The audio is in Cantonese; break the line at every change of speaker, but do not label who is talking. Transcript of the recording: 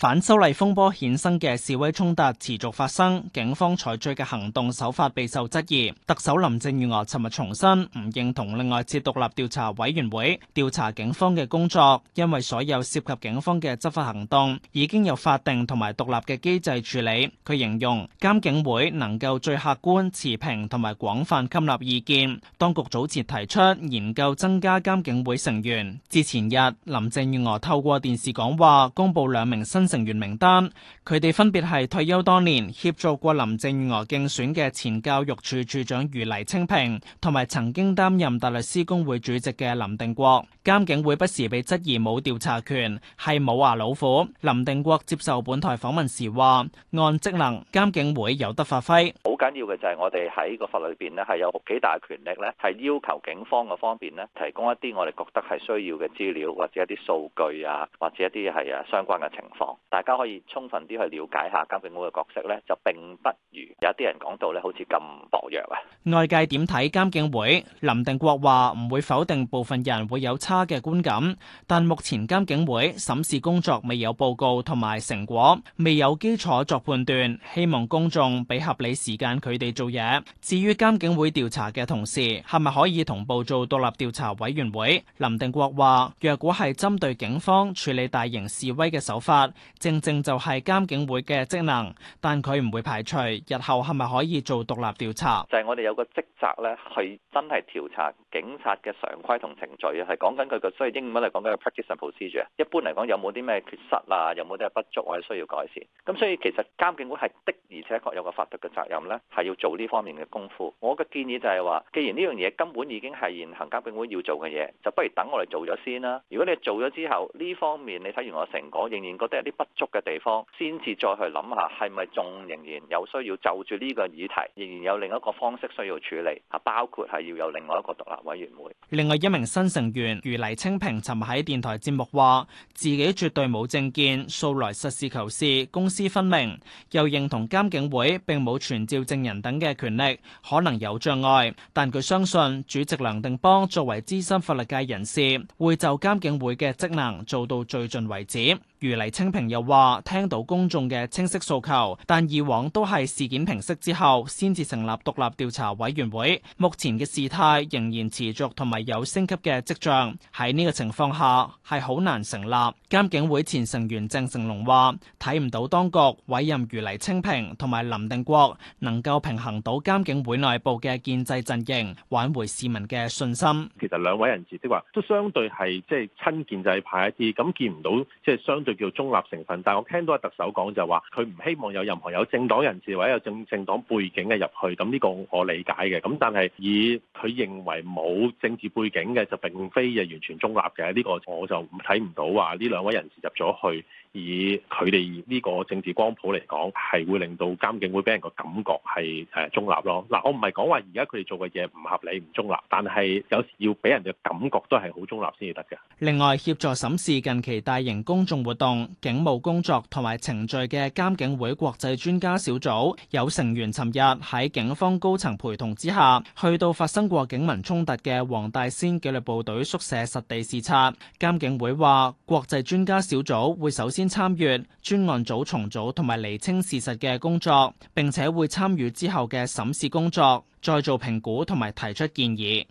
反修例風波衍生嘅示威衝突持續發生，警方採取嘅行動手法備受質疑。特首林鄭月娥尋日重申唔認同另外設獨立調查委員會調查警方嘅工作，因為所有涉及警方嘅執法行動已經有法定同埋獨立嘅機制處理。佢形容監警會能夠最客觀持平同埋廣泛吸納意見。當局早前提出研究增加監警會成員。至前日，林鄭月娥透過電視講話公布兩名新。成員名單，佢哋分別係退休當年協助過林鄭月娥競選嘅前教育處處長余黎青萍，同埋曾經擔任大律師工會主席嘅林定國。監警會不時被質疑冇調查權，係冇牙老虎。林定國接受本台訪問時話，按職能，監警會有得發揮。
好緊要嘅就係我哋喺個法律邊咧，係有幾大權力咧，係要求警方嘅方面咧，提供一啲我哋覺得係需要嘅資料，或者一啲數據啊，或者一啲係啊相關嘅情況。大家可以充分啲去了解下監警會嘅角色咧，就並不如有啲人講到咧，好似咁薄弱啊！
外界點睇監警會？林定國話唔會否定部分人會有差嘅觀感，但目前監警會審視工作未有報告同埋成果，未有基礎作判斷，希望公眾俾合理時間佢哋做嘢。至於監警會調查嘅同時，係咪可以同步做獨立調查委員會？林定國話：若果係針對警方處理大型示威嘅手法，正正就係監警會嘅職能，但佢唔會排除日後係咪可以做獨立調查？就
係我哋有個職責咧，係真係調查警察嘅常規同程序，係講緊佢嘅，所以英文嚟講緊係 practice and procedure。一般嚟講，有冇啲咩缺失啊？有冇啲不足我哋需要改善？咁所以其實監警會係的，而且確有個法律嘅責任咧，係要做呢方面嘅功夫。我嘅建議就係話，既然呢樣嘢根本已經係現行監警會要做嘅嘢，就不如等我哋做咗先啦。如果你做咗之後，呢方面你睇完我成果，仍然覺得有不足嘅地方，先至再去諗下，係咪仲仍然有需要就住呢個議題，仍然有另一個方式需要處理啊？包括係要有另外一個獨立委員會。
另外一名新成員余黎青萍尋日喺電台節目話，自己絕對冇政見，素來實事求是、公私分明，又認同監警會並冇傳召證人等嘅權力，可能有障礙，但佢相信主席梁定邦作為資深法律界人士，會就監警會嘅職能做到最盡為止。余黎青萍又話聽到公眾嘅清晰訴求，但以往都係事件平息之後先至成立獨立調查委員會，目前嘅事態仍然持續同埋有升級嘅跡象，喺呢個情況下，係好難成立。監警會前成員鄭成龍話，睇唔到當局委任余黎青萍同埋林定國能夠平衡到監警會內部嘅建制陣營，挽回市民嘅信心。
其實兩位人士的話都相對係即係親建制派一啲，咁見唔到即係相。就叫中立成分，但係我聽到阿特首講就話，佢唔希望有任何有政黨人士或者有政政黨背景嘅入去，咁呢個我理解嘅。咁但係以佢認為冇政治背景嘅，就並非係完全中立嘅。呢個我就唔睇唔到話呢兩位人士入咗去，以佢哋呢個政治光譜嚟講，係會令到監警會俾人個感覺係誒中立咯。嗱，我唔係講話而家佢哋做嘅嘢唔合理、唔中立，但係有時要俾人嘅感覺都係好中立先至得嘅。
另外協助審視近期大型公眾活動。動警務工作同埋程序嘅監警會國際專家小組有成員尋日喺警方高層陪同之下，去到發生過警民衝突嘅黃大仙紀律部隊宿舍實地視察。監警會話，國際專家小組會首先參閱專案組重組同埋厘清事實嘅工作，並且會參與之後嘅審視工作，再做評估同埋提出建議。